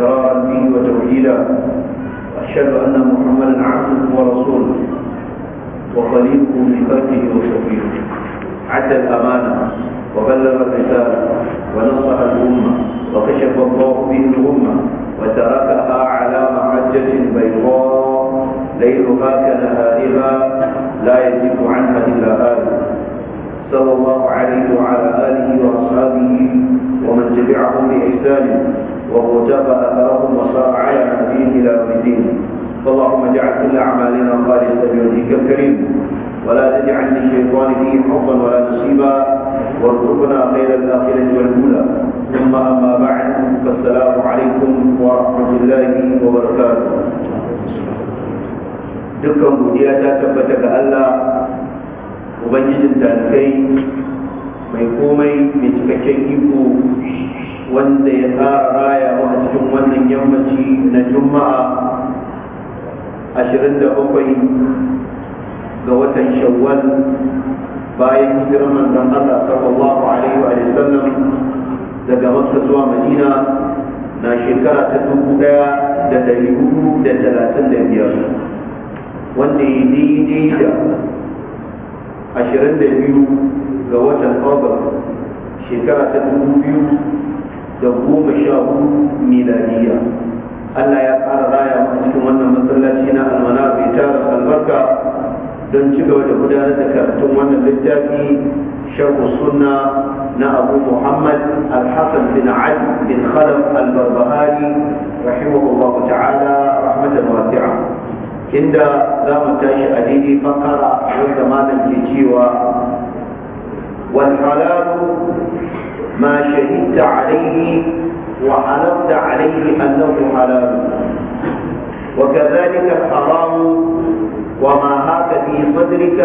إكرارا به وتوحيدا وأشهد أن محمدا عبده ورسوله وخليله لخلقه خلقه وشفيعه عد الأمانة وبلغ الرسالة ونصح الأمة وكشف الله به الأمة وتركها على معجة بيضاء ليلها كنهارها لا يزيد عنها إلا آله صلى الله عليه وعلى آله وأصحابه ومن تبعهم بإحسان وكتب أثرهم وسار على نبيه إلى يوم الدين فاللهم اجعل كل أعمالنا خالصة بوجهك الكريم ولا تجعل للشيطان فيه حظا ولا نصيبا وارزقنا خير الآخرة والأولى ثم أما بعد فالسلام عليكم ورحمة الله وبركاته dukkan godiya ta tabbata ga Allah ubangijin talibai mai komai mai cikakken iko wanda ya tsara raya a cikin wannan yammaci na juma'a 27 ga watan shawwal bayan hijirar manzon Allah sallallahu alaihi wa sallam daga Makka zuwa Madina na shekara ta dubu daya da dari hudu da talatin da biyar wanda ya daidai da ashirin da biyu ga watan august shekara ta dubu biyu da goma sha hudu miladiya allah ya fara raya mu cikin wannan masallaci na almana bai tara albarka don ci gaba da gudanar da karatun wannan littafi sharhu sunna na abu muhammad alhassan bin ali bin khalaf albarbahari rahimahullah ta'ala rahmatan wasi'a inda za mu tashi a daidai fakara wanda malam ke cewa والحلال ما شهدت عليه وعرضت عليه انه حلال وكذلك الحرام وما هاك في صدرك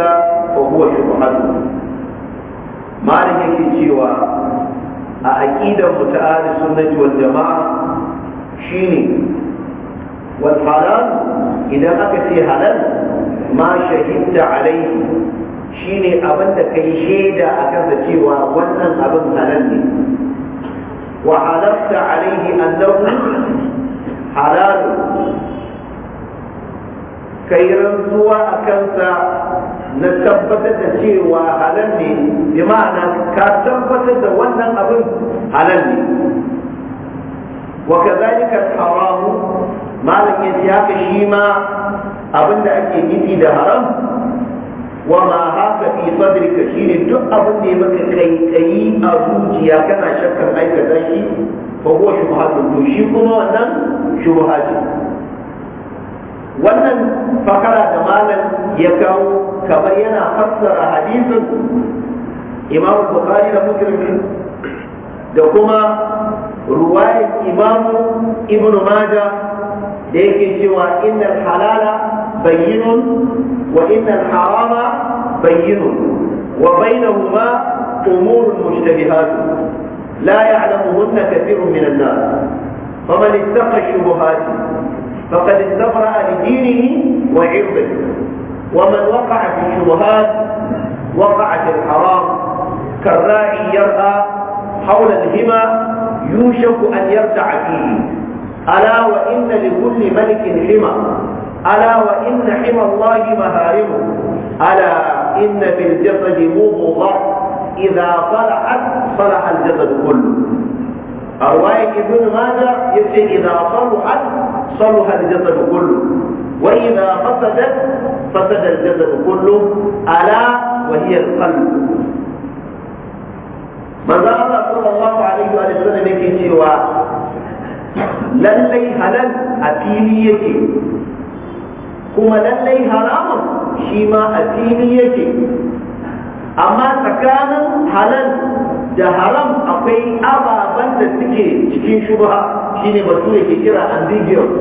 فهو شبهه ما لك سوى أكيد متآل السنة والجماعة شيني والحلال إذا أكثي حلال ما شهدت عليه shine abin da yi shaida a kansa cewa wannan abin halal ne wa halafta alaihi annahu ka yi rantsuwa a kansa na tabbatar da cewa halal ne bi ma'ana ka tabbatar da wannan abin halal ne wa kadhalika haram malam yace haka shi ma abin da ake nufi da haram wa ma haka fi sadrika shine duk abin da ya maka kaikayi a zuciya kana shakkar aikata shi fa huwa shubhatun to shi kuma wannan shubha ce wannan fakara da malam ya kawo kamar yana fassara hadisin imam bukhari da muslim da kuma Ruwayat imam ibnu majah da yake cewa innal halala بين وإن الحرام بين وبينهما أمور مشتبهات لا يعلمهن كثير من الناس فمن اتقى الشبهات فقد استبرأ لدينه وعرضه ومن وقع في الشبهات وقع في الحرام كالراعي يرأى حول الهمى يوشك أن يرتع فيه ألا وإن لكل ملك حمى ألا وإن حمى الله مهارمه ألا إن في الجسد مضغة إذا صلحت صلح الجسد كله الرواية ابن ماجه يقول إذا صلحت صلح الجسد كله وإذا فسدت فسد الجسد كله ألا وهي القلب ماذا قال صلى الله عليه وسلم yake cewa lallai halal a fili kuma lallai haramun shi ma a fili yake amma tsakanin halal da haram akwai ababen da suke cikin shubha shine batu yake kira ambiguous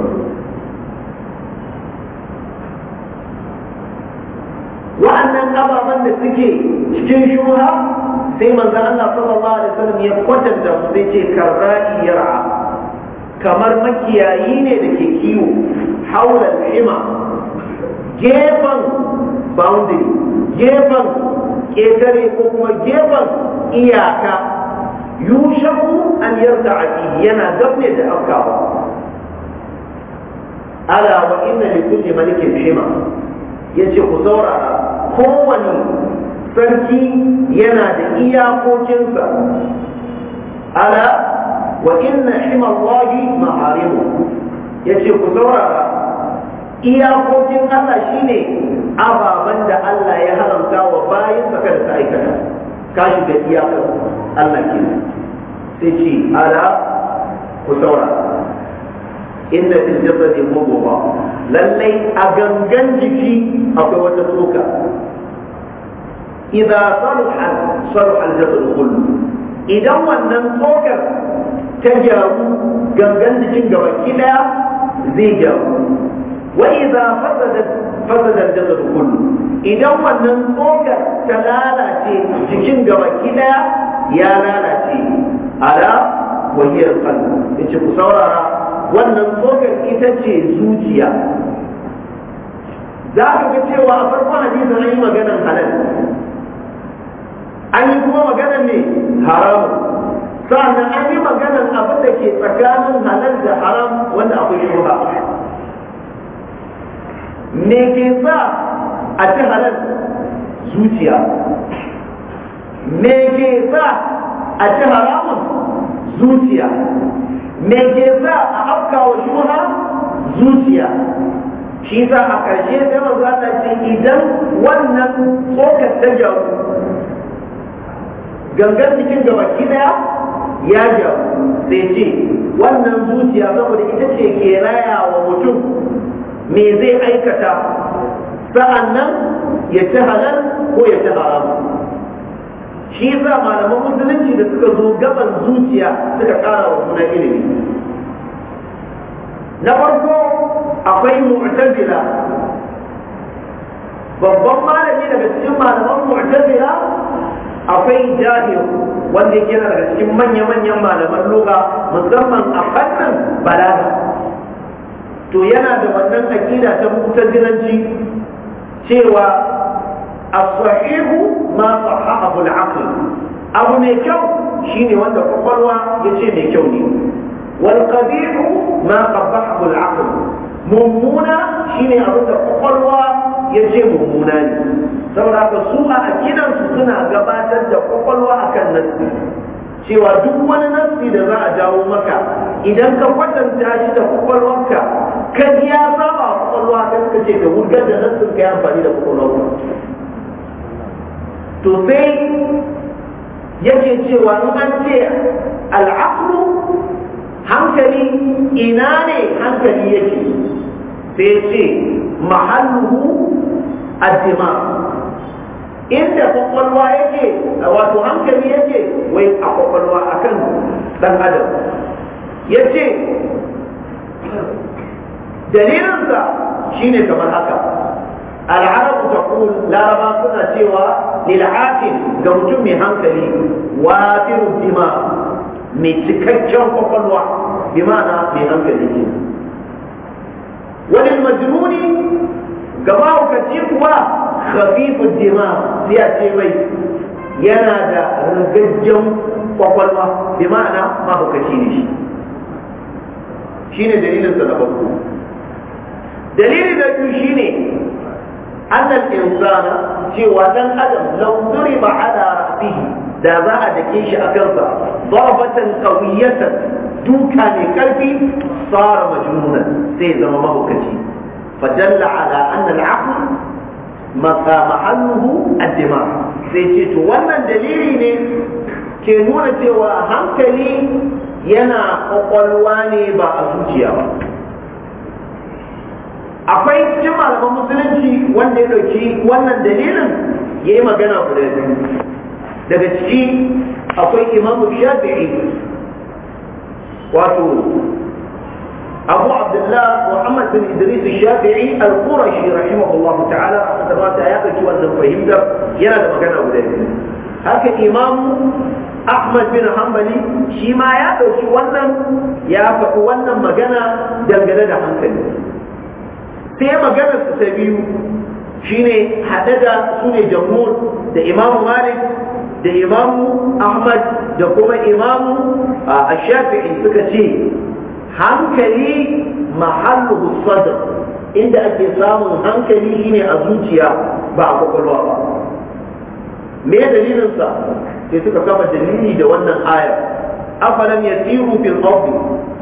wa'annan ababen da suke cikin shubha sai manzon Allah sallallahu alaihi wasallam ya kwatanta su sai ce karra'i yar'a kamar makiyayi ne da ke kiwo haular hima gefen boundary gefen ƙetare ko kuma gefen iyaka yushaku an yarda a yana gabne da afkawa ala wa inna li kulli malikin shima yace ku saurara kowane sarki yana da iyakokinsa ala wa inna himallahi maharimu yace ku saurara iyakokin Allah shine ababen da Allah ya haramta wa bayan sa kada aikata ka shiga iyakar Allah ke sai ce ala ku saura inda fil jasadi mubghah lallai a gangan jiki akwai wata tsoka idan saruhan saruhan jasadu kullu idan wannan tsokar ta gyaru gangan jikin gaba daya zai gyaru wa idza fasadat fasadat jasad kullu idan wannan tsokar ta lalace jikin gabaki daya ya lalace ala wa hiya qalb ku saurara wannan tsokar ita ce zuciya za ka ga cewa a farkon hadisin an yi maganar halal an yi kuma maganar ne haramun sa'annan an yi maganar abin da ke tsakanin halal da haram wanda yi shubha me ke sa a ci halal zuciya me ke sa a ci haramun zuciya me ke sa a afka wa shuha zuciya shi sa a ƙarshe sai za ta ce idan wannan tsokar ta jaru gangan cikin gabaki daya ya jaru sai ce wannan zuciya saboda ita ce ke raya wa mutum me zai aikata sa'annan ya ci halal ko ya ci haram shi yasa malaman musulunci da suka zo gaban zuciya suka ƙara wa suna ilimi na farko akwai mu'tazila babban malami daga cikin malaman mu'tazila akwai jahil wanda yake daga cikin manya-manyan malaman luga musamman a fannin balaga to yana da wannan aƙida ta mutazilanci cewa as-sahihu ma sahahahu al-aql abu mai kyau shine wanda kwakwalwa ya ce mai kyau ne wal qabihu ma qabbahu al-aql mummuna shine abu da kwakwalwa ya ce mummuna ne saboda haka su a aƙidan su suna gabatar da kwakwalwa akan nasi cewa duk wani nasi da za a jawo maka idan ka kwatanta shi da kwakwalwarka ka ji ya saba kwakwalwa ta suka ce ka wurgar da nassin ka yi amfani da kwakwalwa to sai yake cewa in an ce al'aqlu hankali ina ne hankali yake sai ya ce mahalluhu addima inda kwakwalwa yake wato hankali yake wai a kwakwalwa akan dan adam ya ce dalilinsa shine kamar haka al'arabu taqul laraba suna cewa lil ga mutum mai hankali wafiru bima mai cikakken kwakwalwa bima na mai hankali ne wani majnuni ga mahaukaci kuwa khafifud dima sai a ce mai yana da ragajjen kwakwalwa bi ma'ana mahaukaci ne shi shine dalilinsa na farko dalili na biyu shine annal insana cewa dan adam law ba ana ra'sihi da za a dake shi a kansa darbatan qawiyatan duka mai karfi tsara majnuna sai zama mahaukaci fadalla ala anna al-aql maqamahu ad sai ce to wannan dalili ne ke nuna cewa hankali yana kwakwalwa ne ba a zuciya ba akwai cikin malaman musulunci wanda ya ɗauki wannan dalilin ya yi magana guda biyu daga ciki akwai imamu shafi'i wato abu abdullah muhammad bin idris shafi'i al-qurashi rahimahullah ta'ala da ba ta ya ɗauki wannan fahimtar yana da magana guda biyu haka imamu Ahmad bin Hanbali shi ma ya ɗauki wannan ya faɗi wannan magana dangane da hankali sai maganar su ta biyu shine haɗe da su ne jamhur da imamu malik da imamu ahmad da kuma imamu shafi'i suka ce hankali mahallu sadr inda ake samun hankali shine a zuciya ba a kwakwalwa ba me dalilinsa sai suka kafa dalili da wannan aya afalan yasiru fil ardi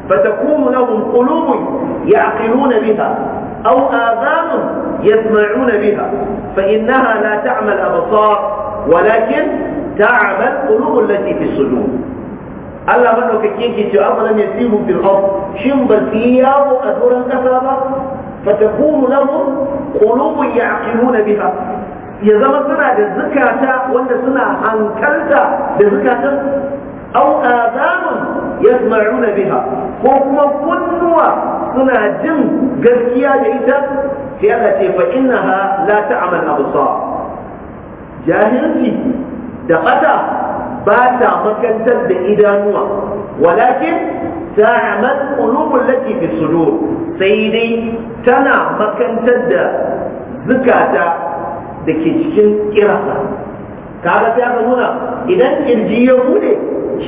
fatakunu lahum qulubun ya'qiluna biha أو آذان يسمعون بها فإنها لا تعمل أبصار ولكن تعمل قلوب التي في الصدور ألا منو كيكي كي لم يسيبوا في الأرض شم بسيار أثر الكثابة فتكون لهم قلوب يعقلون بها إذا ما سنا الزكاة وأن سنا أنكلت بزكاة أو آذان يسمعون بها فهم كنوا suna jin gaskiya da ita sai Allah ce fa innaha la ta'mal absar jahilci da bata ba ta makantar da idanuwa walakin ta'mal qulubul lati fi sudur sai dai tana makantar da zukata da ke cikin kirasa kaga sai aka nuna idan kirji ya bude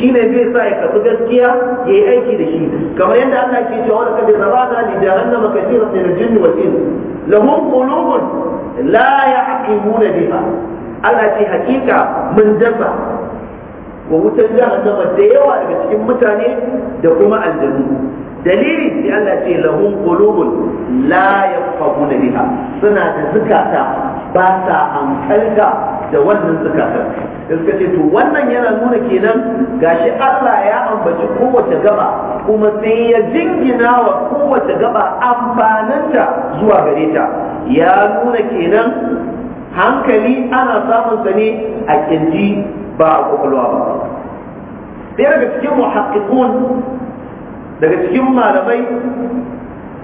shi ne zai sa ya kafi gaskiya ya yi aiki da shi kamar yadda Allah ke cewa wani kadin rabata li jahannama kathiran min al-jinni wal ins lahum qulubun la ya'qiluna biha Allah ce hakika mun dasa wa wutar jahannama da yawa daga cikin mutane da kuma aljanu dalili sai Allah ce lahum qulubun la yafqahuna biha suna da zukata ba sa hankalta da wannan zukatan da suka ce to wannan yana nuna kenan gashi Allah ya ambaci kowace gaba kuma sai ya jingina wa kowace gaba amfaninta zuwa gare ta ya nuna kenan hankali ana samun sa ne a kirji ba a kwakwalwa ba ɗaya daga cikin muhakkikun daga cikin malamai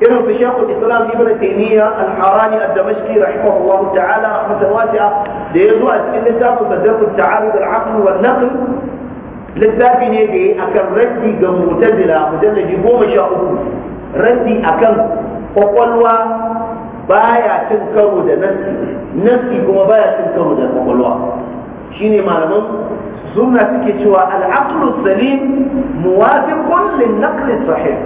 irin su shekul islam ibn taymiya al-harani ad-damashqi rahimahullahu ta'ala rahmatan da ya zo a cikin littafin sadarun ta'arud al-aql wa naql littafi ne da ya akan raddi ga mu'tazila goma sha uku raddi akan kwakwalwa baya cin karo da nassi nassi kuma baya cin karo da kwakwalwa shine malaman sunna suke cewa al-aqlu salim muwafiqun lin-naql sahih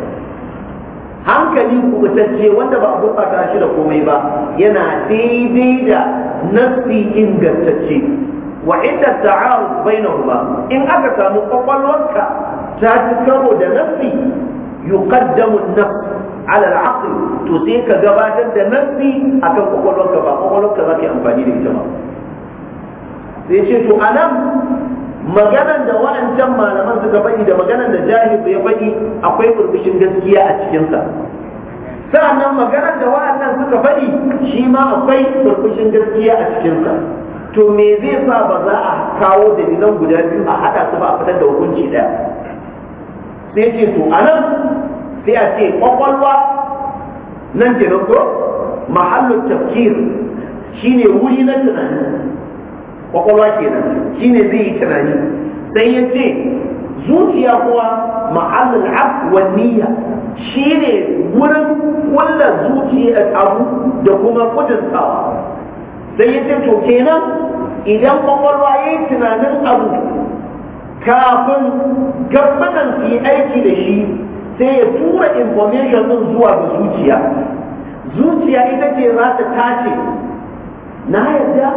hankali kubutacce wanda ba a gurɓata shi da komai ba yana daidai da nassi ingantacce wa inda ta'aruf bainahuma in aka samu kwakwalwarka ta ci karo da nassi yuqaddamu an-nafs ala al-aql to sai ka gabatar da nassi akan kwakwalwarka ba kwakwalwarka zaka yi amfani da ita ba sai ce to anan maganan da wa'ancan malaman suka faɗi da maganan da jahil ya faɗi akwai burbushin gaskiya a cikinsa sa'annan maganar da wa'annan suka faɗi shi ma akwai burbushin gaskiya a cikinsa to me zai sa ba za a kawo dalilan guda biyu a haɗa su ba a fitar da hukunci ɗaya sai ce to a nan sai a ce kwakwalwa nan ke nan ko mahallin tafkir shine wuri na tunani kwakwalwa kenan shine zai yi tunani sai ya ce zuciya kuwa ma'azin afwan shi shine wurin kulla zuciya abu da kuma kudurtawa sai ya ce to kenan idan kwakwalwa ya yi tunanin abu kafin gabanan su yi aiki da shi sai ya tura information din zuwa ga zuciya zuciya ita ce za ta tace na yarda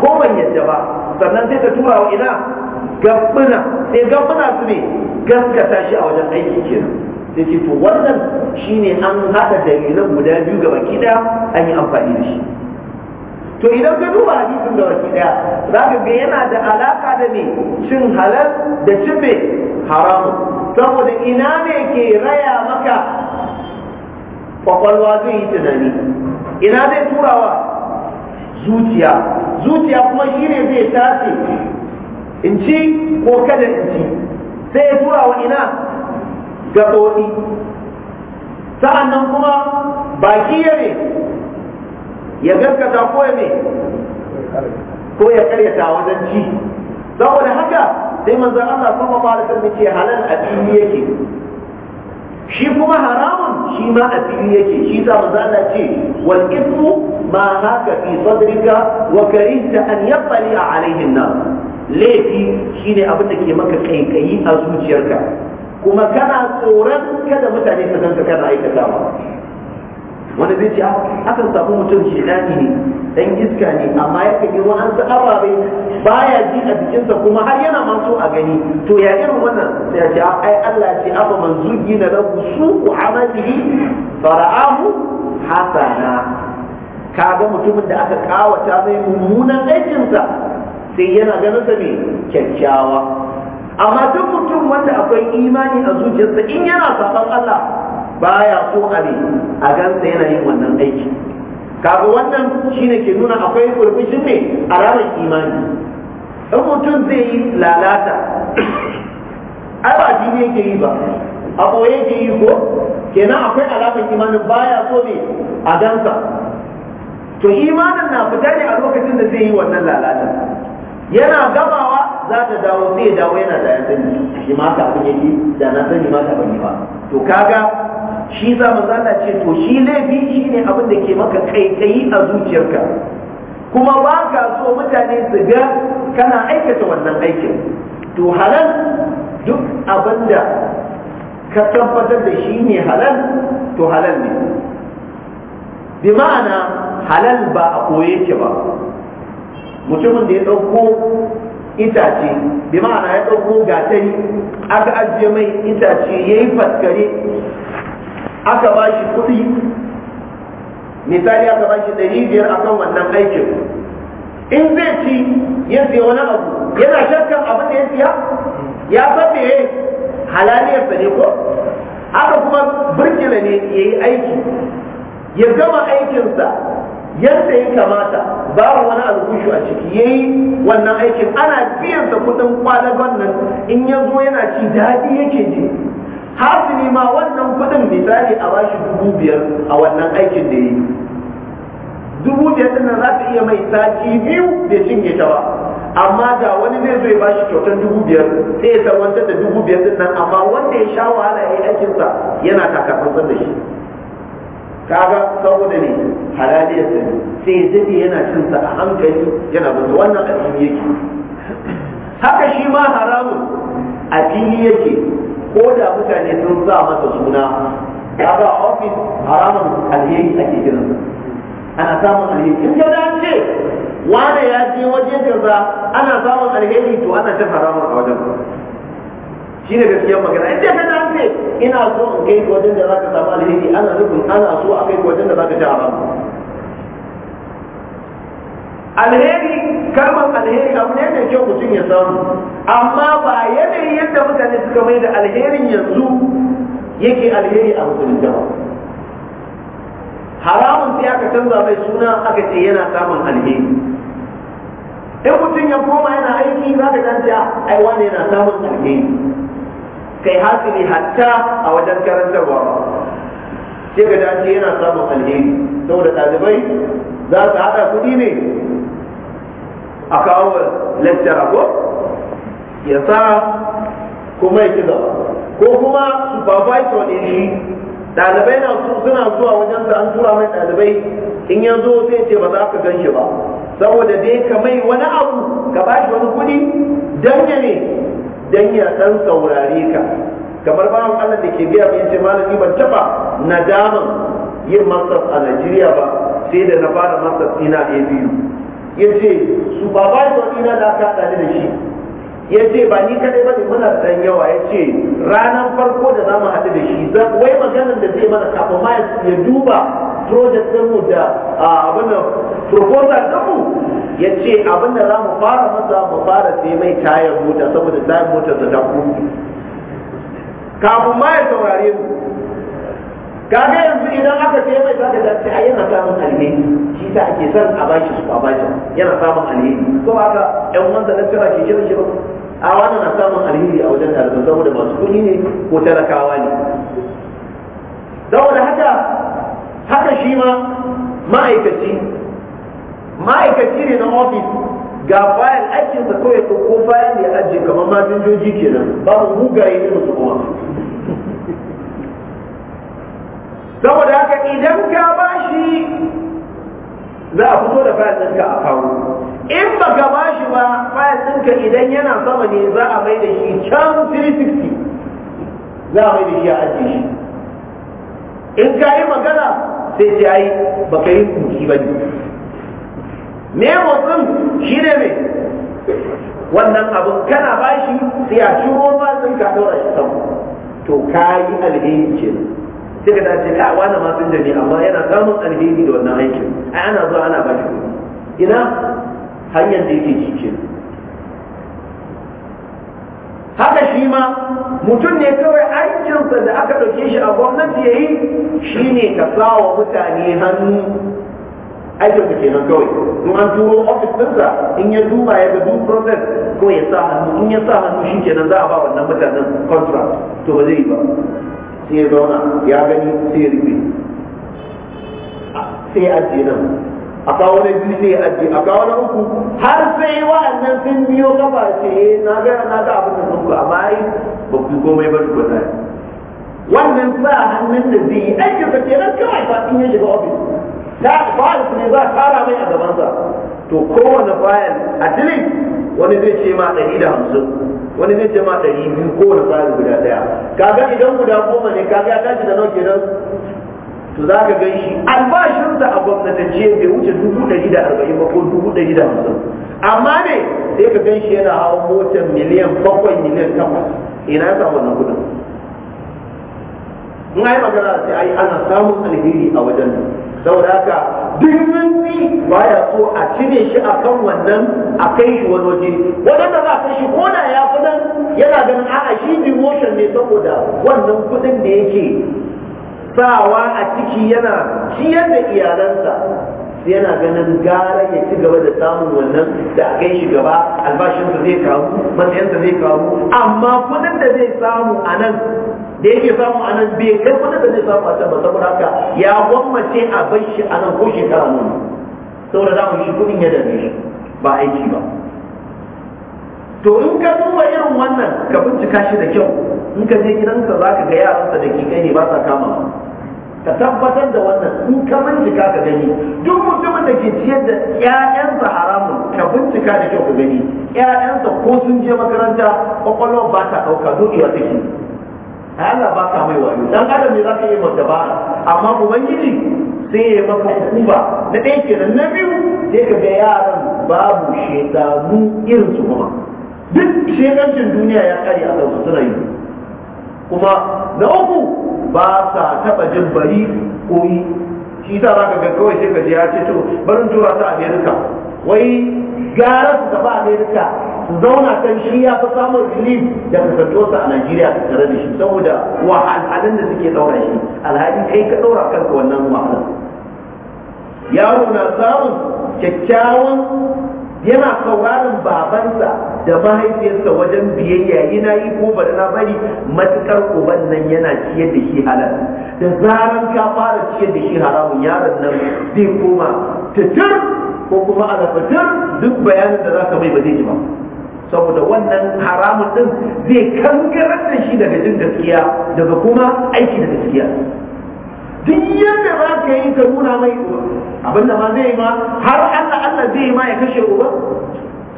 ko ban yadda ba sannan zai ta tura wa ina gabbuna sai eh, gabbuna su ne gaskata shi a wajen aiki kenan sai ce to wannan shine an haɗa dalilan guda biyu ga baki ɗaya an yi amfani da shi to idan ka duba hadisin da baki ɗaya za ka ga yana da alaka da ne cin halal da cin me haramun saboda ina ne ke raya maka kwakwalwa zai yi tunani ina zai turawa zuciya zuciya kuma shi ne zai tace in ci ko kada in ci sai ya tura wa ina gaɓoɗi nan kuma baki ya ne ya gaskata ko ya ne ko ya karyata wajen ci saboda haka sai manzan Allah sallallahu alaihi wasallam ce halal abin yake shi kuma haramun shi ma a fili yake shi za mu zana ce wal ismu ma haka fi sadrika wa karihta an a alaihin na laifi shine abin da ke maka kaikayi a zuciyarka kuma kana tsoron kada mutane su ganka kana aikatawa Wani zai ce ah, akan samu mutum shedani ne dan iska ne amma yakan yi wa'ansu ababe baya ji a jikinsa kuma har yana ma so a gani to ya irin wannan sai ya ce ah, ai Allah ce afa man na lahu su'u amalihi fara'ahu hasana kaga mutumin da aka kawata mai mummunan aikinsa sai yana ganin sa kyakkyawa amma duk mutum wanda akwai imani a zuciyarsa in yana saban Allah baya so a gan a gansa yana yin wannan aiki kaga wannan shine ke nuna akwai kurkushin ne ranar imani in mutum zai yi lalata ai ba dini yake yi ba a ɓoye yake yi ko kenan akwai alamar imanin baya so ne a gansa to imanin na fita ne a lokacin da zai yi wannan lalata yana gabawa za ta dawo zai dawo yana da ya sani shi ma abin yake da na sani ma ka ban yi ba to kaga shi za mu zana ce to shi laifi shi ne abin da ke maka kaikayi a zuciyarka kuma ba ka so mutane su ga kana aikata wannan aikin to halal duk abin da ka tabbatar da shi ne halal to halal ne bi ma'ana halal ba a koye ke ba mutumin da ya ɗauko itace bi ma'ana ya ɗauko gatari aka ajiye mai itace ya yi faskare aka ba shi kuɗi misali aka ba shi ɗari biyar akan wannan aikin in zai ci ya sai wani abu yana shakkan abin da ya siya ya san me halaliyarsa ne ko haka kuma birkila ne ya yi aiki ya gama aikinsa yadda ya kamata babu wani alkushu a ciki ya yi wannan aikin ana biyansa kudin kwalagon nan in ya zo yana ci daɗi yake ji hasili ma wannan kudin misali a bashi dubu biyar a wannan aikin da yi dubu biyar din nan za ta iya mai sati biyu bai cinye ta ba amma da wani zai zo ya bashi kyautar dubu biyar sai ya sarwantar da dubu biyar din nan amma wanda ya sha wahala ya yi aikinsa yana takatsantsan da shi kaga saboda ne halaliyar sa sai zai yana cin sa a hankali yana zuwa wannan addini yake haka shi ma haramun a fili yake ko da mutane sun sa masa suna kaga ofis haramun alheri ake kiran ana samun alheri in ka dace wane ya je waje kaza ana samun alheri to ana cin haramun a wajen shi ne gaskiyar magana in ka dace ina so in kai wajen da zaka samu alheri ana nufin ana so a kai wajen da zaka ci haramun alheri kalmar alheri abu ne mai kyau mutum ya samu amma ba yanayin yadda mutane suka mai da alherin yanzu yake alheri a musulunta ba haramun sai aka canza mai suna aka ce yana samun alheri in mutum ya koma yana aiki za ka canza ah, aiwa ne yana samun alheri kai hasili hatta a wajen karantarwa sai ka dace yana samun alheri saboda ɗalibai za su haɗa kuɗi ne a kawo lecture ko ya sa kuma ya ci ko kuma supervisor ne shi dalibai na suna zuwa wajen sa an tura mai dalibai. in ya zo zai ce ba za ka gan shi ba saboda dai ka mai wani abu ka ba shi wani kuɗi dan ya ne dan ya ɗan saurare ka kamar ba Allah da ke biya mai ce malami ban taɓa nadaman yin masar a Najeriya ba sai da na fara masar ina ɗaya biyu Yace ce su baba ba da na da ka da shi Yace ba ni kadai ba ne muna dan yawa Yace ce ranar farko da za mu haɗu da shi wai maganar da zai mana kafin ma ya duba project ɗinmu da abin da proposal ɗinmu ya ce abin da za mu fara masa mu fara sai mai tayar mota saboda tayar mota da ta kafin ma ya saurare mu kaga yanzu idan aka ce mai zaka da ce ai yana samun alheri shi sa ake son a bashi su a bashi yana samun alheri ko haka ɗan wanda na tsira ke kira shi ba a wannan na samun alheri a wajen ɗaliban saboda masu kuɗi ne ko talakawa ne saboda haka haka shi ma ma'aikaci ma'aikaci ne na ofis ga bayan aikinsa kawai ko bayan da ya ajiye kamar masinjoji kenan babu mugaye irin su kuma saboda haka idan ka bashi za a fito da fayil ɗinka a kawo in ba ka bashi ba fayil ɗinka idan yana sama ne za a mai da shi can 360 za a mai da shi a ajiye shi in ka yi magana sai ce ai ba ka yi kuki ba ne me motsin shi ne mai wannan abin kana bashi sai a ciro fayil ɗinka a ɗaura shi sama to ka yi alheri kenan sai ka dace ka wani ma sun jami amma yana samun alheri da wannan aikin ai ana zuwa ana ba shi kuɗi ina hanyar da yake cikin. haka shi ma mutum ne kawai aikinsa da aka ɗauke shi a gwamnati ya yi shi ne ka sawa mutane hannu aikin kenan kawai in an turo ofis ɗinsa in ya duba ya ga due process ko ya sa hannu in ya sa hannu shi kenan za a ba wannan mutanen contract to ba zai yi ba sai ya zauna ya gani sai ya rufe sai ya ajiye nan a kawo na biyu sai ya ajiye a kawo na uku har sai wa'annan sun biyo gaba ce eh, na ga na ga abin da sun ku amma ai ba ku komai ba ku na wannan sa hannun da zai yi aikin sa kenan kawai ba in ya shiga ofis ta ba ne za a kara mai a gabansa to kowane fayil a delete wani zai ce ma ɗari da hamsin wani zai ce ma ɗari biyu kowane fayil guda ɗaya kaga idan guda goma ne kaga ya tashi da nawa kenan to za ka gan shi albashinsa a gwamnatance bai wuce dubu ɗari da arba'in ba ko dubu ɗari da hamsin amma ne sai ka gan shi yana hawan motar miliyan bakwai miliyan takwas ina ya samu wannan kuɗin in ai magana sai ai ana samun alheri a wajen saboda haka duk ba baya so a cire shi akan wannan a kai shi wani waje da za a kai shi kona ya fi nan yana ganin a'a shi demotion ne saboda wannan kuɗin da yake sawa a ciki yana ciyar da iyalansa yana ganin gara ya ci gaba da samun wannan da a kai shi gaba albashinsa zai kamu matsayinsa zai kamu amma kuɗin da zai samu a nan da yake samu a nan bai kai wani da zai samu a can ba saboda haka ya gwammace a bai shi a nan ko shekara nuna saboda za mu shi kudin ya dame shi ba aiki ba to in ka duba irin wannan ka bincika shi da kyau in ka je gidansa za ka ga yaransa da kai ne ba sa kama ka tabbatar da wannan in ka bincika ka gani duk mutumin da ke ciyar da ƴaƴansa haramun ka bincika da kyau ka gani ƴaƴansa ko sun je makaranta kwakwalwa ba ta ɗauka duk iya take Allah ba ka mai wayo dan adam ne za ka yi mata ba amma ubangiji sai ya maka hukuma na ɗaya kenan na biyu sai ka ga yaran babu shedanu irin su kuma duk shedancin duniya ya kare a kansu suna yi kuma na uku ba sa taɓa jin bari ko yi shi sa za ka ga kawai sai ka ji ya ce to barin tura ta Amerika wai gara su tafi Amerika zauna kan shi ya fi samun relief da kasantuwarsa a Najeriya tare da shi saboda wahalhalun da suke ɗaura shi alhali kai ka ɗaura kanka wannan wahalar yaro na samun kyakkyawan yana sauraron babansa da mahaifiyarsa wajen biyayya yana yi ko bari na bari matukar uban nan yana ciyar da shi halal da zaran ka fara ciyar da shi haramun yaron nan zai koma tutur ko kuma a duk bayanin da za ka mai ba zai ji ba saboda wannan haramun din zai kangarar da shi daga jin gaskiya daga kuma aiki da gaskiya duk yadda za ka yi ka nuna mai uba abinda ma zai ma har Allah Allah zai ma ya kashe uba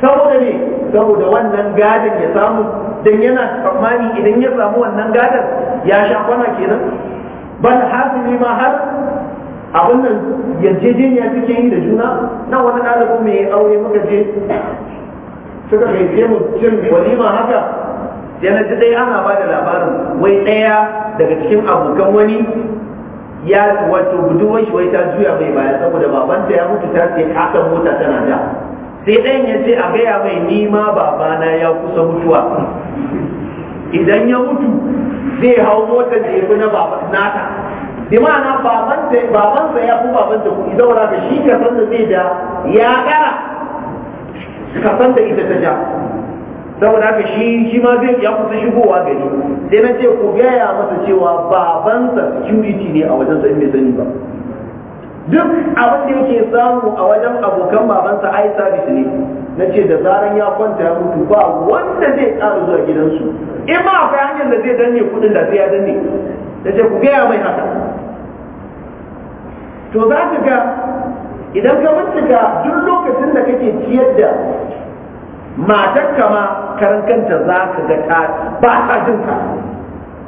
saboda ne saboda wannan gadon ya samu dan yana tsammani idan ya samu wannan gadon ya sha kwana kenan ban ne ma har abin nan yarjejeniya suke yi da juna na wani ɗalibin mai aure muka je suka gaice mu cin walima haka yana ji dai ana ba da labarin wai ɗaya daga cikin abokan wani ya wato budurwar shi wai ta juya mai baya saboda babanta ya mutu ta ce kasan mota tana da sai ɗayan ya ce a gaya mai nima babana ya kusa mutuwa idan ya mutu zai hau motar da ya fi na nata bi ma'ana babansa ya fi babanta kuɗi zaura ka shi kasan da zai da ya ƙara san da ita ta ja saboda haka shi shi ma zai ya kusa shigowa gari sai na ce ku gaya masa cewa babansa security ne a wajen sa bai sani ba duk abin da yake samu a wajen abokan babansa ai service ne na ce da zaran ya kwanta ya mutu ba wanda zai ƙara zuwa gidansu in ma akwai hanyar da zai danne kuɗin da zai ya danne na ce ku gaya mai haka to za ka ga idan ka bincika duk lokacin da kake ciyar da matar kama karankanta za ka ga ta ba ta jin ka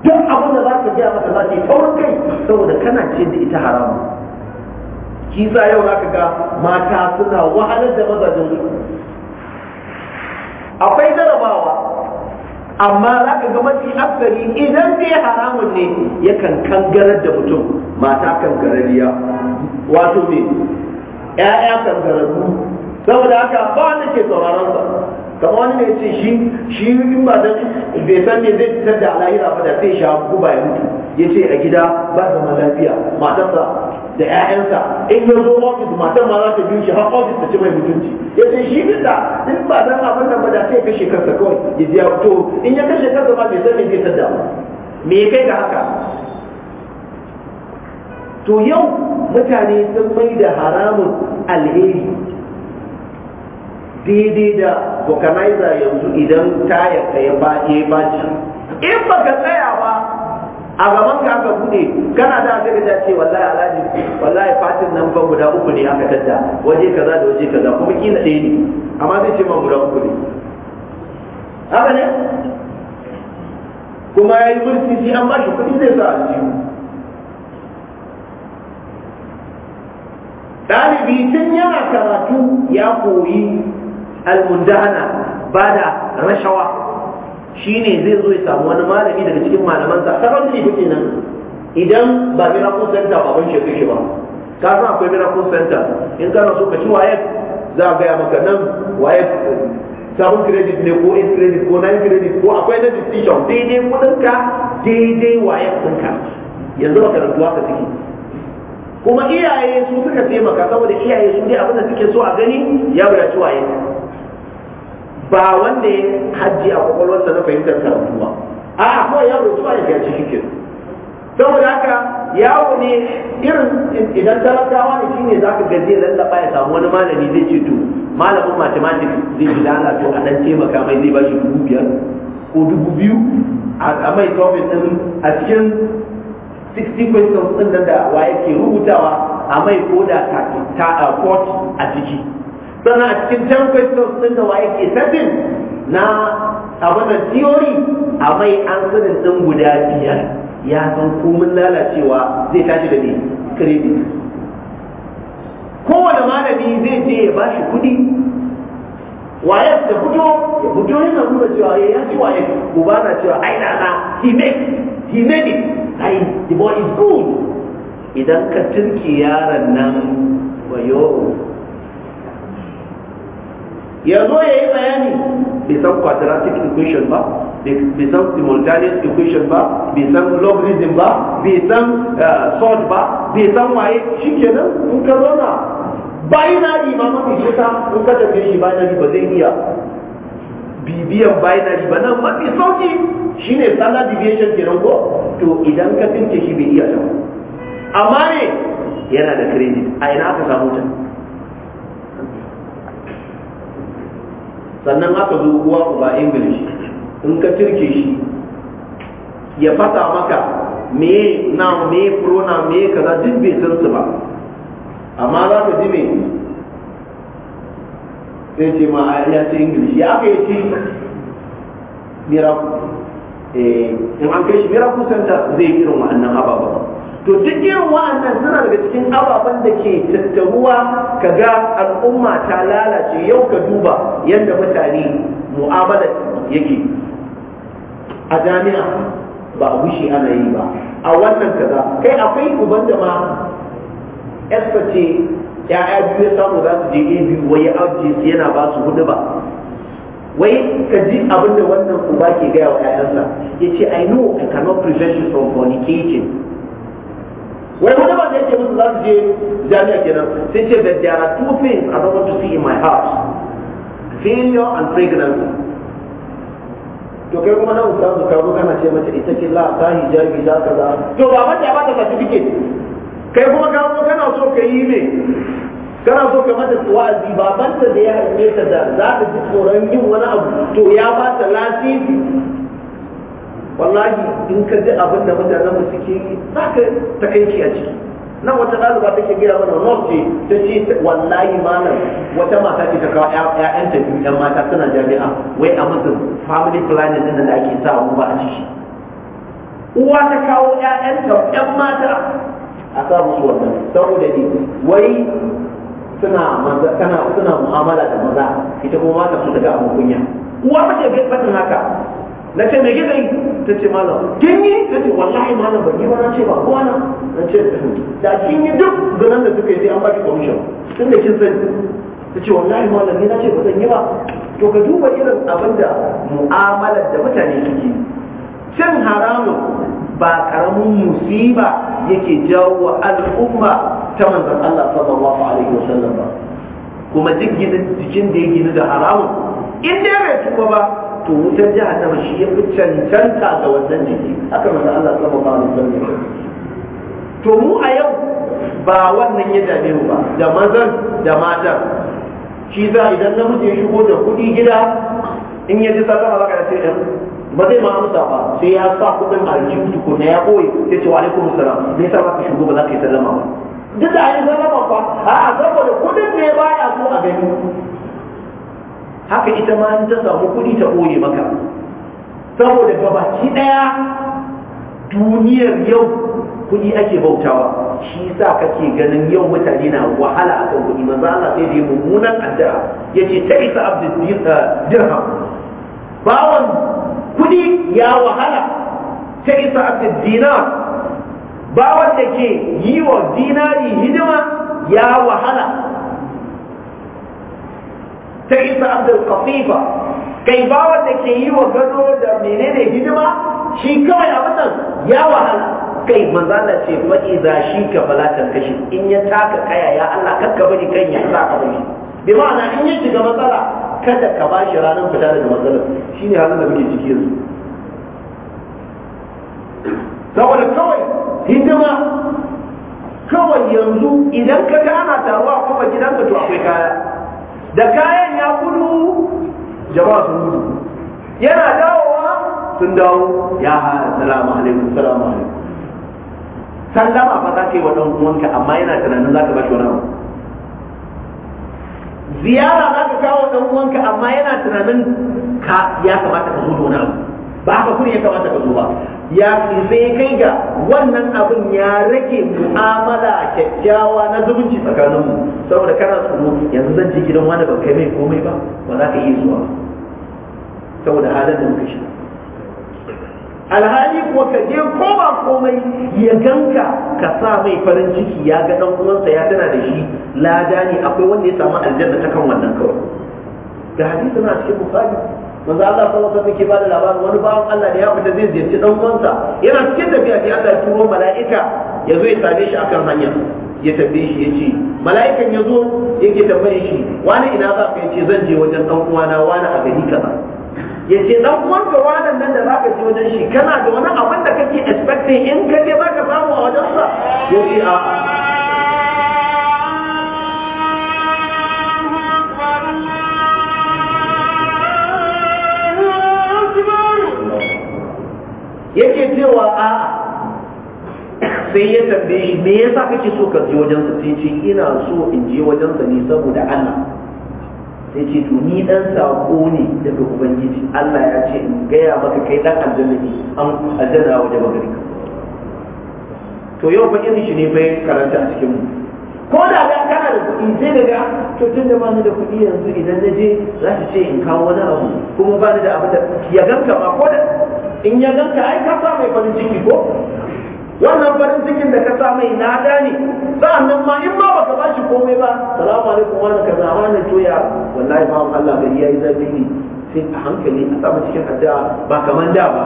duk abin da za ka gaya mata za ta yi taurin kai saboda kana ciyar da ita haramu kisa yau za ka ga mata suna wahalar da mazajen su akwai jarabawa amma za ka ga mafi akari idan dai haramun ne yakan kangarar da mutum mata kangarariya wato ne ‘ya’ya kankararru saboda haka ba da ke sauraron sa kamar wani mai ce shi shi in ba da bai san me zai fitar da alayira ba da sai sha ba ya mutu ya ce a gida ba zama lafiya matarsa da sa in ya zo ofis matar ma za ta biyu shi har ofis ta ci mai mutunci ya ce shi da in ba da abin da ba da sai kashe kansa kawai ya ji to in ya kashe kansa ba bai san me zai fitar da ba me kai ga haka to yau mutane sun mai da haramun alheri daidai da vulcanizer yanzu idan tayar ka ya bace bace in baka tsaya ba a gaban ka aka bude kana da aka gaja ce wallahi alhaji wallahi fatin nan ba guda uku ne aka tadda waje kaza da waje kaza kuma kila ɗaya ne amma zai ce ma guda uku ne haka ne kuma ya yi mulki shi an bashi kuɗi zai sa a ciwo ɗalibi tun yana karatu ya koyi almundana ba da rashawa shi ne zai zo ya samu wani malami daga cikin malamansa secondary ba nan idan ba miracle center ba ban shekaru shi ba ka san akwai miracle center in kana so ka ci waye za a gaya maka nan waye sabon credit ne ko in credit ko nine credit ko akwai na distinction daidai kudinka daidai waye kudinka yanzu makarantuwa ka ciki kuma iyaye su suka taimaka saboda iyaye su dai abin suke so a gani ya ci waye ba wanda ya hajji a kwakwalwarsa na fahimtar karatu ba a kuma ya ci waye ya ci shikin saboda haka yawo ne irin idan talakawa ne shine za ka gaje lallaba ya samu wani malami zai ce to malamin mathematics zai ji lana to a dan taimaka mai zai ba dubu biyar ko dubu biyu a mai topic din a cikin duk sequence din da wa yake rubutawa a mai koda ta ta court a ciki sannan a cikin ten questions din da wa yake setting na abin da theory a mai an sanin din guda biyar ya san komin lalacewa zai tashi da ne credit kowane malami zai je ya ba shi kuɗi waye da fito ya fito na nuna cewa eh, ya ci waye ba na cewa ai na na he made he made it ai the boy is good idan ka turki yaron nan wayo ya zo ya yi bayani bai san quadratic equation ba bai san simultaneous equation ba bai san logarithm ba bai san eh, sort ba bai san waye shikenan in ka zo na binary ma mafi ta in ka tafi shi binary ba zai iya bibiyan binary ba nan mafi sauki ne standard deviation ke ko to idan ka tince shi bai iya shan amma ne yana da credit a ina aka samu ta sannan aka zo uwa uba english in ka cirke shi ya fata maka me na me na, me kaza duk bai san su ba amma za ka ji me sai ce ma ya ce english ya aka yi ci miracle Eh, in an kai shi miracle center zai irin wa'annan ababen to duk irin wa'annan suna daga cikin ababen da ke tattaruwa ka ga al'umma ta lalace yau ka duba yadda mutane mu'amala yake a jami'a ba a bushe ana yi ba a wannan kaza kai akwai uban da ma ce ya'ya biyu ya samu za su je biyu wai ya ajiye yana ba su hudu ba wai ka ji abin da wannan uba ke gaya wa ƴaƴansa ya ce i know i cannot prevent you from fornicating wai wani ba zai ce musu za su je jami'a kenan sai ce that there are two things i don't want to see in my house failure and pregnancy to kai kuma nan za su kawo kana ce mace ita ce la ta hijabi za ka za to ba mace ba ta certificate kai kuma kawo kana so ka yi ne kana so ka mata wa'azi babanta da ya haife ta da za ta ji tsoron yin wani abu to ya ba ta lasisi wallahi in ka ji abin da mutanen mu suke yi za ka ki a ciki nan wata ɗaliba take gaya mana nurse ce ta ce wallahi malam wata mata ce ta kawo 'ya'yanta biyu ƴan mata suna jami'a wai a musu family planning din da ake sa ba a ciki uwa ta kawo 'ya'yanta, ƴan mata a sa musu wannan saboda ne wai suna maza kana suna mu'amala da maza ita kuma mata su daga abun kunya uwa mace bai fadin haka na ce me gidan ta ce malam kin yi ta ce wallahi malam ban yi ba na ce ba ko na na ce da kin yi duk zanen da suka yi sai an baki commission tun da kin sani ta ce wallahi malam ni na ce ba zan yi ba to ka duba irin abin da mu'amalar da mutane suke cin haramun ba karamin musiba yake jawo al'umma ta manzon Allah sallallahu alaihi wasallam ba kuma duk jikin da ya gini da haramun in dai bai tuba ba to wutar jahannama shi ya fi cancanta ga wannan jiki haka manzon Allah sallallahu alaihi wasallam to mu a yau ba wannan ya dame mu ba da mazan da matan shi za idan namiji ya shigo da kuɗi gida in ya ji sallama za ka da sai ba zai ma amsa ba sai ya sa kuɗin a jikin tukuna ya ɓoye ya ce wa alaikum salam me yasa ba ka shigo ba za ka yi sallama ba duk da an zama fa a saboda kudin ne baya so a gani haka ita ma in ta samu kudi ta ɓoye maka saboda gabaki ɗaya duniyar yau kudi ake bautawa shi sa kake ganin yau mutane na wahala a kan kudi maza Allah sai da mummunan addu'a yace ta isa abdul eh, dirham bawon kudi ya wahala ta isa abdul dinar ba wanda ke yi wa dinari hidima ya wahala ta isa abdul qatifa kai ba wanda ke yi wa gado da menene hidima shi kawai abin ya wahala kai manzala ce faɗi za shi ka balatar kashi in ya taka kaya ya Allah kakka bari kan ya za ka bari bi ma'ana in ya shiga matsala kada ka bashi ranar fita daga matsalar shine halin da muke ciki yanzu saboda kawai hidima kawai yanzu idan ka gana taruwa taruwa kuma gidanka to akwai kaya da kayan ya gudu jama'a sun gudu yana dawowa sun dawo ya hana salamu alaikum salamu alaikum sallama ba za ka yi wa ɗan uwanka amma yana tunanin za ka ba shi wani abu ziyara za ka kawo ɗan uwanka amma yana tunanin ka ya kamata ka zo da wani abu ba haka kuri ya kamata ka zo ba ya sai kai ga wannan abin ya rage mu'amala kyakkyawa na zumunci tsakaninmu, mu saboda kana tsoro yanzu zan je gidan wani ban kai mai komai ba ba za ka iya zuwa saboda halin da muka shiga alhali ko ka je ko ba komai ya ganka ka sa mai farin ciki ya ga dan uwansa ya tana da shi lada ne akwai wanda ya samu aljanna ta kan wannan kawai da hadisi na cikin bukhari manzo Allah sallallahu alaihi wasallam ke bada labarin wani bawan Allah da ya fita zai ziyarci dan uwansa yana cikin tafiya sai Allah ya turo mala'ika ya zo ya same shi akan hanya ya tambaye shi ya ce mala'ikan ya zo yake tambaye shi wani ina za ka yace zan je wajen dan uwana wani a gari kaza ya ce dan uwanka wani nan da zaka je wajen shi kana da wani abin da kake expecting in ka je ka samu a wajensa ya a'a yake cewa a'a sai ya tambaye shi me yasa kake so ka je wajen sa sai ce ina so in je wajen sa ne saboda Allah sai ce to ni dan sako ne daga ubangiji Allah ya ce in gaya maka kai dan aljanna ne an aljanna waje bagari ka to yau fa irin shi ne bai karanta a cikin mu ko da ga kana da kuɗi sai daga to tun da bani da kuɗi yanzu idan na je za ce in kawo wani abu kuma bani da abu da ya ganka ma ko da in ya ganka ai ka sa mai farin ciki ko wannan farin cikin da ka sa mai nada ne sa'annan ma in ba ba ba bashi komai ba salamu alaikum wani zama wani toya wallahi ba Allah gari yayi zafi ne sai a hankali a samu cikin addu'a ba kaman da ba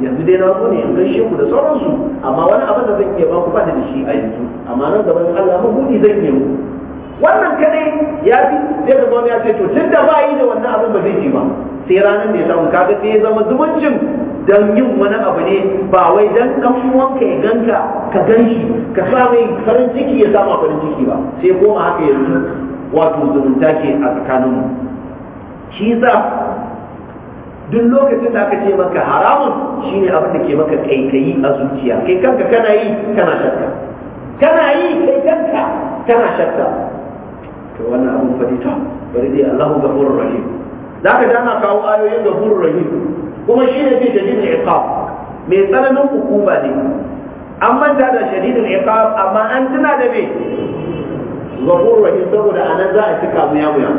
yanzu dai na zo ne in gaishe ku da sauransu amma wani abin da zan iya ba ku ba da shi a yanzu amma nan gaban Allah mahudi zan yi mu wannan kadai ya fi sai ka zaune ya ce to tun da ba yi da wannan abin ba zai yi ba sai ranar da ya samu kaga sai ya zama zumuncin don yin wani abu ne ba wai dan dan ka ya ganka ka ganshi ka sa mai farin ciki ya samu farin ciki ba sai koma haka yanzu wato zumunta ke a tsakaninmu shi yasa duk lokacin da aka ce maka haramun shine abin da ke maka kaikayi a zuciya kai kanka kana yi kana shakka kana yi kai kanka kana shakka to wannan abin fadita ta bari dai Allahu gafurur rahim zaka dama kawo ayoyin gafurur rahim kuma shi ne fi shadidul iqab mai tsananin hukuma ne an manta da shadidul iqab amma an tuna da me ghafur rahim saboda anan za a cika muya muya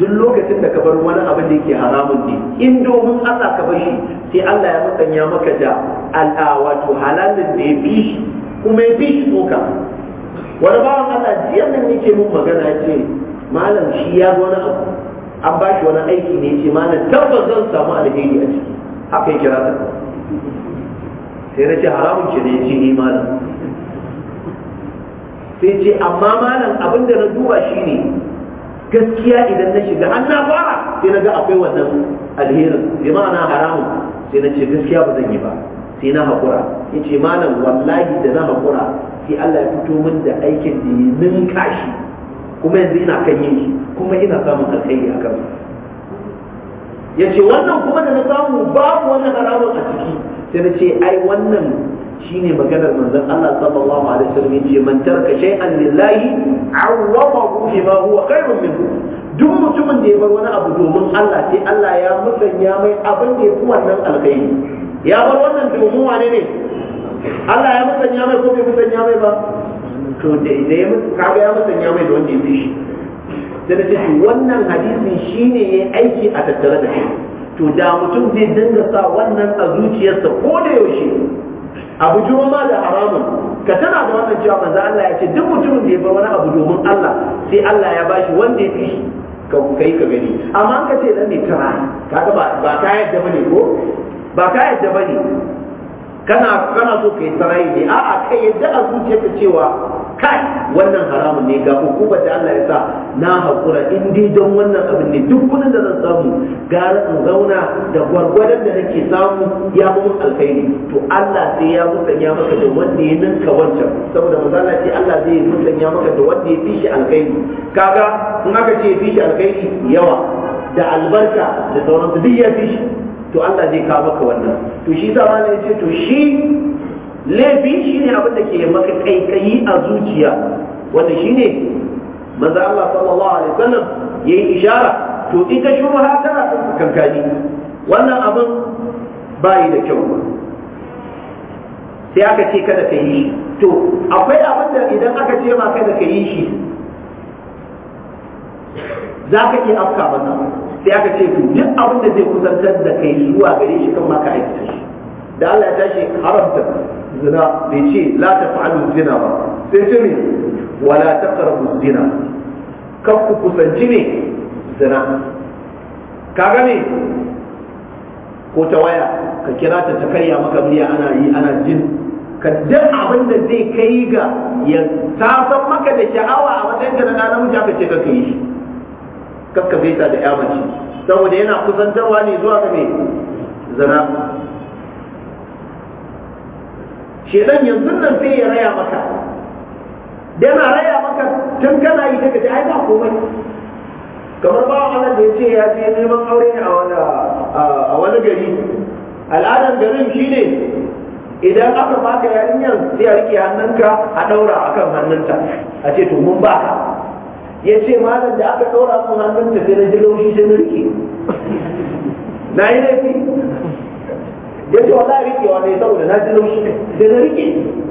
duk lokacin da ka bar wani abin da yake haramun ne in domin Allah ka bar shi sai Allah ya musanya maka da al'awa halalin da ya bi kuma ya bi shi tsoka wani bawan Allah jiya nan yake mun magana ce malam shi ya wani abu an ba shi wani aiki ne ce ma na tabbas zan samu alheri a ciki haka ya kira sai na ce haramun ce ne ce ni malam sai ce amma malam abinda na duba shi ne gaskiya idan na shiga an na fara sai na ga akwai wannan alherin ma ma'ana haramun sai na ce gaskiya ba zan yi ba sai na haƙura ya ce malam wallahi da na haƙura sai Allah ya fito min da aikin da ya ninka shi kuma yanzu ina kan yin shi kuma ina samun alkhairi a kan ya ce wannan kuma da na samu babu wannan haramun a ciki sai na ce ai wannan shine maganar manzon Allah sallallahu alaihi wasallam yace man tarka shay'an lillahi awwafahu bima huwa khairun minhu duk mutumin da ya bar wani abu domin Allah sai Allah ya musanya mai abin da ya fi wannan alkhairi ya bar wannan domin wane ne Allah ya musanya mai ko bai musanya mai ba to da ya mutu kaga ya mai da wanda ya fi shi sai da ce wannan hadisin shine ya aiki a tattare da shi to da mutum zai dinga sa wannan a zuciyarsa ko da yaushe abu ma da haramun ka tana da wannan cewa manzo Allah ya ce duk mutumin da ya bar wani abu domin Allah sai Allah ya bashi wanda ya fi shi ka kai ka gani amma ka ce dan ne tara kaga ba ba ka yadda bane ko ba ka yadda bane kana kana so kai tarayi ne a'a kai yadda a zuciyarka cewa kai wannan haramun ne ga hukuma da Allah ya sa na haƙura in dai don wannan abin ne duk kudin da zan samu gara in zauna da gwargwadon da nake samu ya mun alkhairi to Allah sai ya musanya maka da wanda ya ninka wancan saboda misali ce Allah zai musanya maka da wanda ya fi shi alkhairi kaga in aka ce fi shi alkhairi yawa da albarka da sauransu duk ya fi shi to Allah zai kawo maka wannan to shi zama ne ce to shi laifi shi ne abin da ke maka kaikayi a zuciya wanda shine manzo Allah sallallahu alaihi wasallam yi ishara to ita shubha tana kan kankani wannan abin bai da kyau sai aka ce kada ka yi shi. to akwai abin da idan aka ce ma kada ka yi shi za ka ke afka masa sai aka ce to duk abin da zai kusantar da kai zuwa gare shi kan ma ka aikata shi da Allah ya tashi haramta zina bai ce la taf'alu zina ba sai ce me wala taqrabu zina kan ku kusanci ne zina Ka gane ko ta waya ka kira ta ta karya maka miliya ana yi ana jin ka duk abin da zai kai ga ya san maka da sha'awa a matsayin ka na namiji aka ce kaka yi shi kakka fesa da ya mace saboda yana kusantarwa ne zuwa ga me zina shedan yanzu nan sai ya raya maka yana raya maka tun kana yi daga ai ba komai kamar ba wani da ya ce ya je neman aure ne a wani gari al'adar garin shine idan aka baka yarinyar sai a rike hannunka a daura akan hannunta a ce to mun baka ya ce malam da aka daura mun hannunta sai na ji laushi sai na rike na yi laifi ya ce wallahi wa ne saboda na ji laushi sai na rike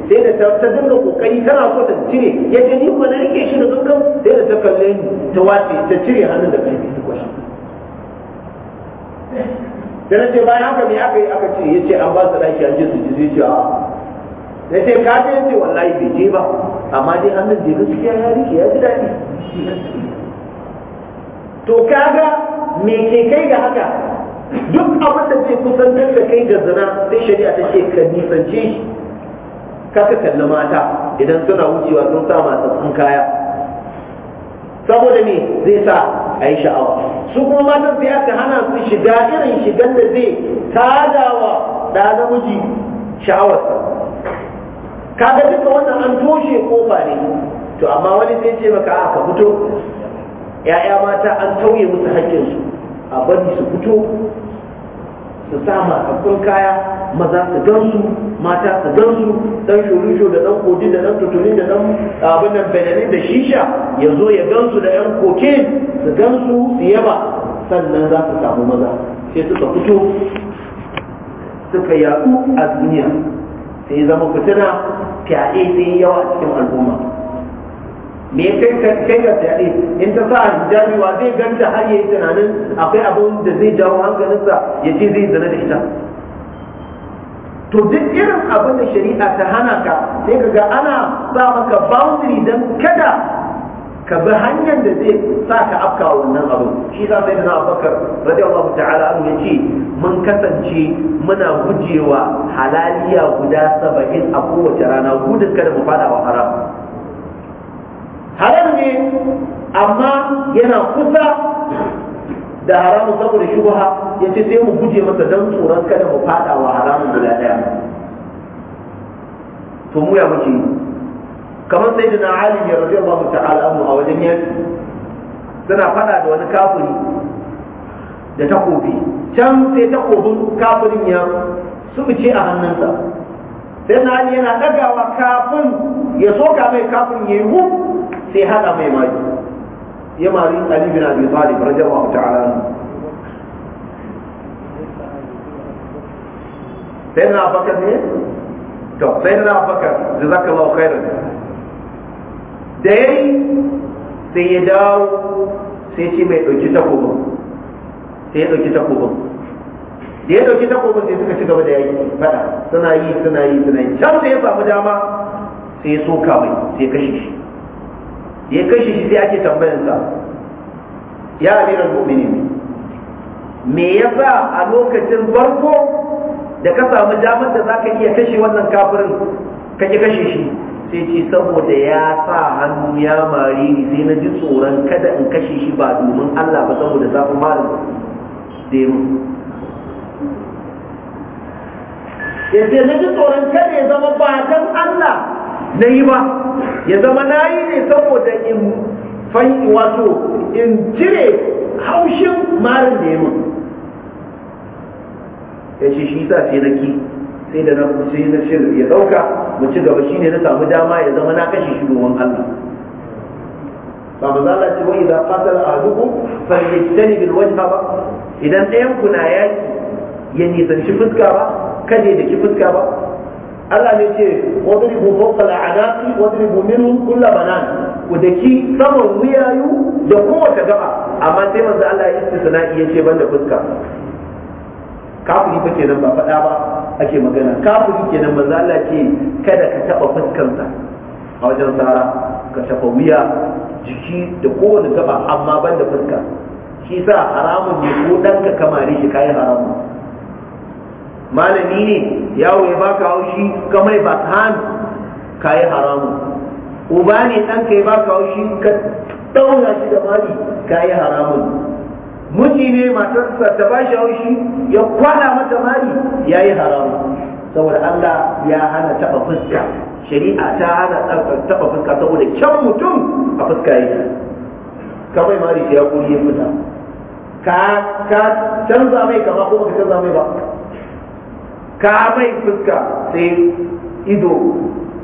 sai da ta dinga kokari tana so ta cire ya ce ni ba na rike shi da gangan sai da ta kalle ni ta wace ta cire hannun da karfi ta kwashe Da na ce bayan haka me aka yi aka ce ya ce an ba su daki an je su ji zai ce a'a Na ce ka ce ce wallahi bai je ba amma dai hannun da gaskiya ya rike ya ji daɗi to kaga me ke kai ga haka duk abin da zai kusan da kai ga zina sai shari'a ta ce ka nisance shi kaka kalli mata idan suna wucewa sun sa masu sun kaya saboda me zai sa a yi sha'awa su kuma matan sai aka hana su shiga irin shigan da zai tadawa da namiji sha'awarsa kaga duka wannan an toshe kofa ne to amma wani zai ce maka a ka fito ya'ya mata an tauye musu haƙƙinsu a bari su fito su sama sabbin kaya maza su gansu mata su gansu dan shurisho da dan kodi da dan tutuni da dan abin nan da shisha ya zo ya gansu da yan koke su gansu su yaba sannan za su samu maza sai suka fito suka yaɗu a duniya sai zama fitina fyaɗe sai yawa cikin al'umma me ya kai kai ga tsaye in ta sa hijabi wa zai ganta har yayi tunanin akwai abun da zai jawo hankalinsa ya ce zai zana da ita to duk irin abin da shari'a ta hana ka sai ka ga ana sa maka boundary dan kada ka bi hanyar da zai sa ka afka wannan abu shi sa sai da na abubakar radiyallahu ta'ala an ya ce mun kasance muna gujewa halaliya guda saba'in a kowace rana gudun kada mu fada wa haram haram ne amma yana kusa da haramun saboda shubha yace sai mu guje masa dan tsoron kada mu fada wa haramun guda daya to mu ya muke kamar sai dana alim ya rabi Allah ta'ala anhu a wajen yaki suna fada da wani kafiri da takobi can sai takobin kafirin ya ce a hannunsa sai na ali yana dagawa kafin ya soka mai kafin ya yi sai hada mai mari ya mari Ali bin Abi Talib radiyallahu ta'ala sai na Abubakar ne to sai na Abubakar jazakallahu khairan da yayi sai ya dawo sai shi mai dauki takobin sai ya dauki takobin da ya dauki takobin sai suka ci gaba da yaki fada suna yi suna yi suna yi can sai ya samu dama sai ya soka mai sai ya kashe shi da ya kashe shi sai ake tambayarsa ya amiran ne. me yasa a lokacin farko da ka samu damar da zaka iya kashe wannan kafirin ka ki kashe shi sai ce saboda ya sa hannu ya mari ni sai na ji tsoron kada in kashe shi ba domin Allah ba saboda zafin malin da ya ya na ji tsoron kada ya zama ba Allah na yi ba ya zama na yi ne saboda in fahimci wato in cire haushin marin da ya ya ce shi sa sai na ki sai da na kusa na ya dauka mu ci gaba ne na samu dama ya zama na kashe shi domin Allah ba mu zala ce a idza qatala ahadukum falyajtani bin wajha ba idan ɗayan ku na yaki ya nisanci fuska ba kaje da ki fuska ba Allah ne ce a fawqa al'anaqi bu minhum kula banan ku ki saman wuyayu da kowace gaba amma sai manzo Allah ya istisna iya ce banda fuska kafiri fa kenan ba faɗa ba ake magana kafiri kenan manzo Allah ce kada ka taba fuskansa a wajen sara ka taɓa wuya jiki da kowane gaba amma banda fuska shi sa haramun ne ko ɗanka kamare shi kayi haramun malami ne yawo ya baka haushi kamar ba kan ka yi haramu uba ne ɗanka kai baka haushi ka ɗaura shi da mali ka yi haramun miji ne matarsa ta ba shi haushi ya kwana mata mali ya yi haramu saboda Allah ya hana taɓa fuska shari'a ta hana taɓa fuska saboda kyan mutum a fuska yake kamar mali ya kuri ya fita ka canza mai kama ko baka canza mai ba ka mai fuska sai ido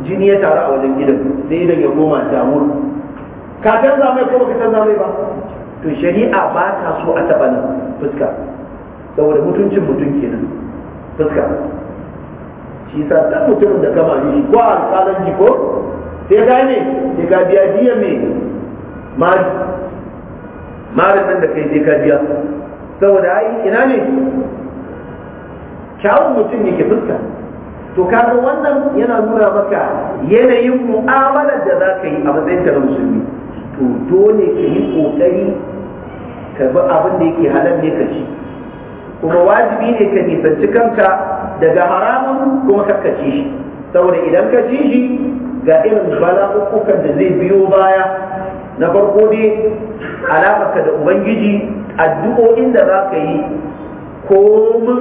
jini ya taru a wajen gidan sai idan ya koma damur ka canza mai ko baka canza mai ba to shari'a ba ta so a taɓa nan fuska saboda mutuncin mutum kenan fuska shi sa dan mutumin da kama shi ko ji ko sai ga ne sai ga biya biya me mari Mari nan da kai sai ka biya saboda ai ina ne kyawun mutum ke fuska to kaga wannan yana nuna maka yanayin mu'amalar da za ka yi a matsayin da musulmi to dole ka yi kokari ka bi abin da yake halal ne ka ci kuma wajibi ne ka nisanci kanka daga haramun kuma ka ci shi saboda idan ka ci shi ga irin bala'ukukan da zai biyo baya na farko dai alaƙarka da ubangiji addu'o'in da za ka yi komin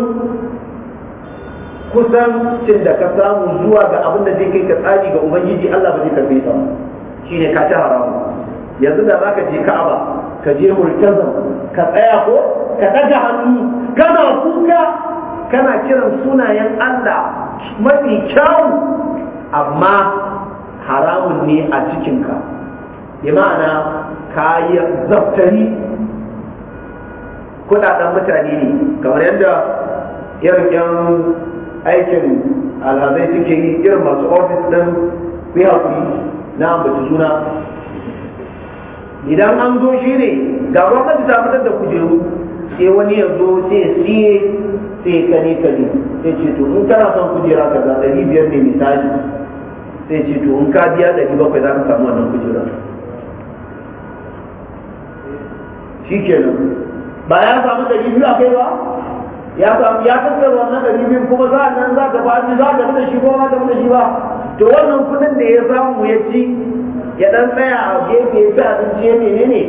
kusancin da ka samu zuwa ga abin da zai kai ka tsari ga ubangiji Allah ba zai karbe ta ne ka ci haramu yanzu da za ka je Ka'aba ka je murtazam ka tsaya ko ka daga hannu kana kuka kana kiran sunayen Allah mafi kyau amma haramun ne a cikinka bi ma'ana kayi zaftari kudaden mutane ne kamar yadda irin aikin alhazai suke yi irin masu ofis ɗin, ku na ambaci suna idan an zo shi ne ga gwamnati ta fitar da kujeru sai wani ya zo sai siye sai kane kane sai ce to in kana son kujera kaza ɗari biyar ne misali sai ce to in ka biya ɗari bakwai za ka samu wannan kujera shi kenan ba ya samu ɗari biyu a kai ba ya samu ya kasar wannan ɗari biyu kuma za nan za ka fashi za ka da shi ko za ka da shi ba to wannan kuɗin da ya samu ya ci ya dan tsaya a gefe ya ci abinci ya menene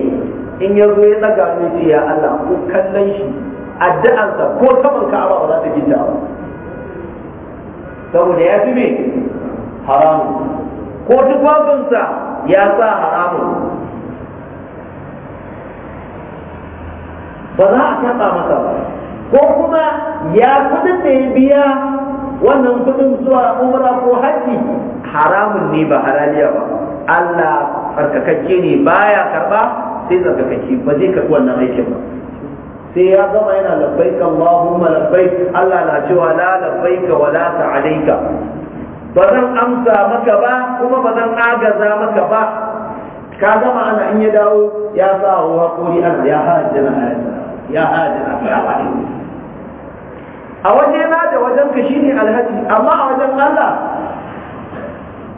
in ya zo ya ɗaga mai ce ya Allah ko kallon shi addu'ansa ko saman ka ba za ta gita ba saboda ya fi me haramun ko tufafinsa ya sa haramun ba za a taɓa masa ba ko kuma ya kudin da ya biya wannan kudin zuwa umra ko haji haramun ne ba halaliya ba Allah tsarkakacce ne baya karba sai tsarkakacce ba zai karbi wannan aikin ba sai ya zama yana labbaik Allahumma labbaik Allah na cewa la labbaik wa la ta'alaika ba zan amsa maka ba kuma ba zan agaza maka ba ka zama ana in ya dawo ya sa wa hakuri ana ya hajjana ya hajjana ya hajjana a waje na da wajen ka shine alhaji amma a wajen Allah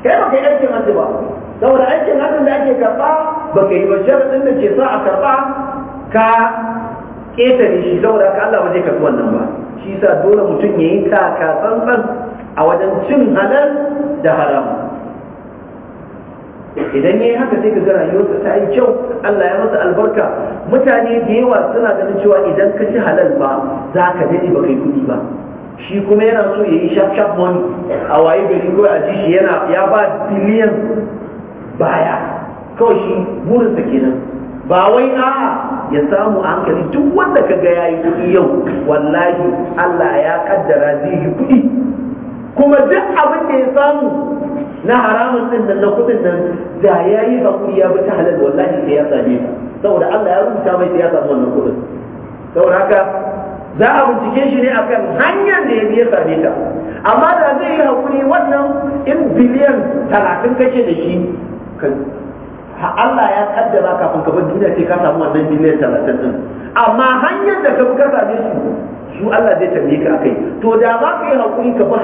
kai ba kai aikin hajji ba saboda aikin hajjin da ake karba ba ka yi ba sharadin da ke sa a karba ka ƙetare shi saboda ka Allah ba zai karbi wannan ba shi sa dole mutum ya yi taka tsantsan a wajen cin halal da haram idan yayi haka sai ka ga rayuwarsa ta yi kyau Allah ya masa albarka mutane da yawa suna ganin cewa idan ka ci halal ba za ka dade ba kai kuɗi ba shi kuma yana so ya yi shaf money a waye gari kawai a ji yana ya ba biliyan baya kawai shi burinsa kenan ba wai a ya samu hankali duk wanda ka ga yayi kuɗi yau wallahi Allah ya kaddara zai yi kuɗi kuma duk abin da ya samu na haramun din nan na kudin nan da ya yi hakuri ya bi ta halal wallahi sai ya same ta saboda Allah ya rubuta mai sai ya samu wannan kudin saboda haka za a bincike shi ne akan hanyar da ya biya same ta amma da zai yi hakuri wannan in biliyan talatin kake da shi Allah ya kaddara kafin ka bar duniya sai ka samu wannan biliyan talatin din amma hanyar da ka bi ka same shi su Allah zai tambaye ka akai to da za ka yi hakuri ka bi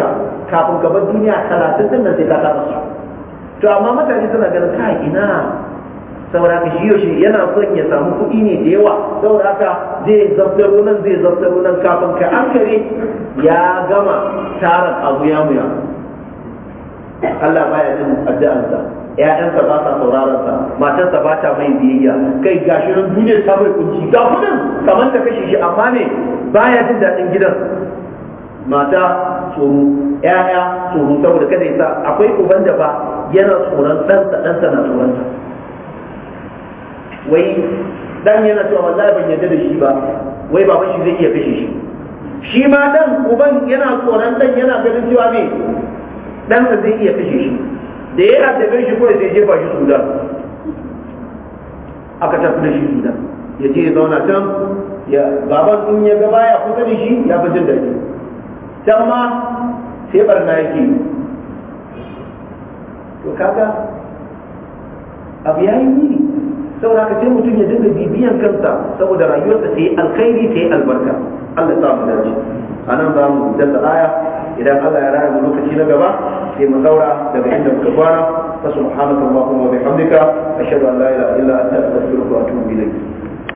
ka kafin ka bar duniya talatin din nan sai ka su to amma mutane suna ganin kai ina saboda ka shi yana son ya samu kuɗi ne da yawa saboda haka zai zaftaro nan zai zaftaro nan kafin ka an ya gama tarar abu ya muya Allah baya jin addu'arsa ƴaƴansa ba sa sauraron sa matarsa ba ta mai biyayya kai gashi nan duniya ta mai kunci ga kudin kamar ta kashe shi amma ne baya jin daɗin gidan mata tsoro ƴaƴa tsoro saboda kada ya sa akwai uban da ba yana tsoron ɗansa ɗansa na tsoron sa wai dan yana cewa wallahi ban yarda da shi ba wai baban shi zai iya kashe shi shi ma dan uban yana tsoron dan yana ganin cewa me dan zai iya kashe shi da yana tafiye shi kawai sai jefa shi sudan aka tafi da shi sudan ya ce ya zauna can ya baban in ya gaba ya kusa da shi ya fi jin daji can ma sai barna yake to kaga abu ya yi da haka sai mutum ya dinga bibiyan kansa saboda rayuwarsa ta yi alkhairi ta yi albarka Allah ya samu dace a nan za mu dalla aya idan Allah ya raya mu lokaci na gaba sai mu saura daga inda muka fara fa subhanaka allahumma wa bihamdika ashhadu an la ilaha illa anta astaghfiruka wa atubu ilayk